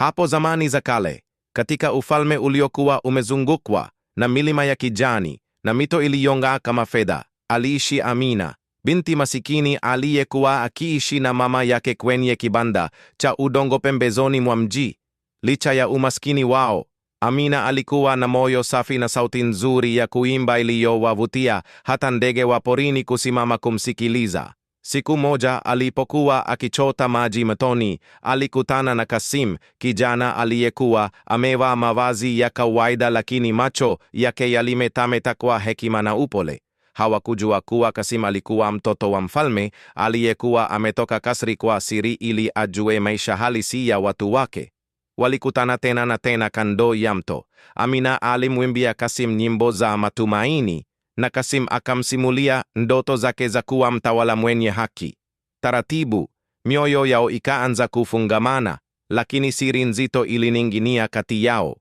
Hapo zamani za kale, katika ufalme uliokuwa umezungukwa na milima ya kijani na mito iliyong'aa kama fedha, aliishi Amina, binti masikini aliyekuwa akiishi na mama yake kwenye kibanda cha udongo pembezoni mwa mji. Licha ya umaskini wao, Amina alikuwa na moyo safi na sauti nzuri ya kuimba iliyowavutia hata ndege wa porini kusimama kumsikiliza. Siku moja alipokuwa akichota maji mtoni, alikutana na Kasim, kijana aliyekuwa amevaa mavazi ya kawaida, lakini macho yake yalimetameta kwa hekima na upole. Hawakujua kuwa Kasim alikuwa mtoto wa mfalme aliyekuwa ametoka kasri kwa siri ili ajue maisha halisi ya watu wake. Walikutana tena na tena kando ya mto. Amina alimwimbia Kasim nyimbo za matumaini, na Kasim akamsimulia ndoto zake za kuwa mtawala mwenye haki. Taratibu mioyo yao ikaanza kufungamana, lakini siri nzito ilining'inia kati yao.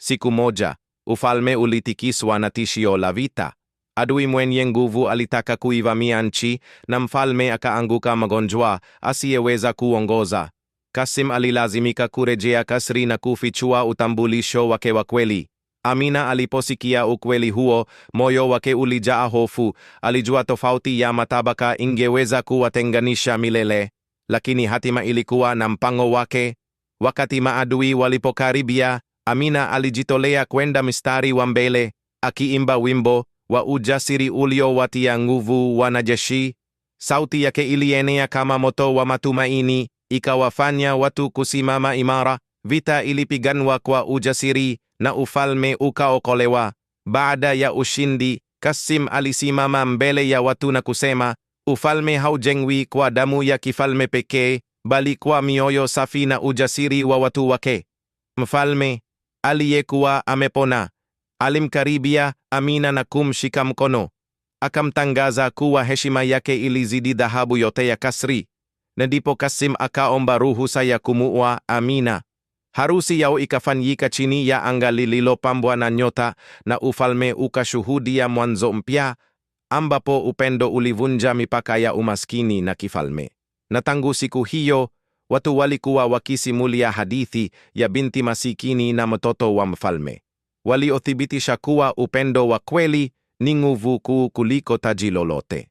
Siku moja ufalme ulitikiswa na tishio la vita. Adui mwenye nguvu alitaka kuivamia nchi na mfalme akaanguka magonjwa, asiyeweza kuongoza. Kasim alilazimika kurejea kasri na kufichua utambulisho wake wa kweli. Amina aliposikia ukweli huo, moyo wake ulijaa hofu. Alijua tofauti ya matabaka ingeweza kuwatenganisha milele, lakini hatima ilikuwa na mpango wake. Wakati maadui walipokaribia, Amina alijitolea kwenda mstari wa mbele, akiimba wimbo wa ujasiri uliowatia nguvu wanajeshi. Sauti yake ilienea kama moto wa matumaini, ikawafanya watu kusimama imara vita ilipiganwa kwa ujasiri na ufalme ukaokolewa. Baada ya ushindi, Kasim alisimama mbele ya watu na kusema, ufalme haujengwi kwa damu ya kifalme pekee, bali kwa mioyo safi na ujasiri wa watu wake. Mfalme aliyekuwa amepona alimkaribia Amina na kumshika mkono, akamtangaza kuwa heshima yake ilizidi dhahabu yote ya kasri. Na ndipo Kasim akaomba ruhusa ya kumuua Amina. Harusi yao ikafanyika chini ya anga lililopambwa na nyota, na ufalme ukashuhudia mwanzo mpya, ambapo upendo ulivunja mipaka ya umaskini na kifalme. Na tangu siku hiyo watu walikuwa wakisimulia hadithi ya binti masikini na mtoto wa mfalme. Waliothibitisha kuwa upendo wa kweli ni nguvu kuu kuliko taji lolote.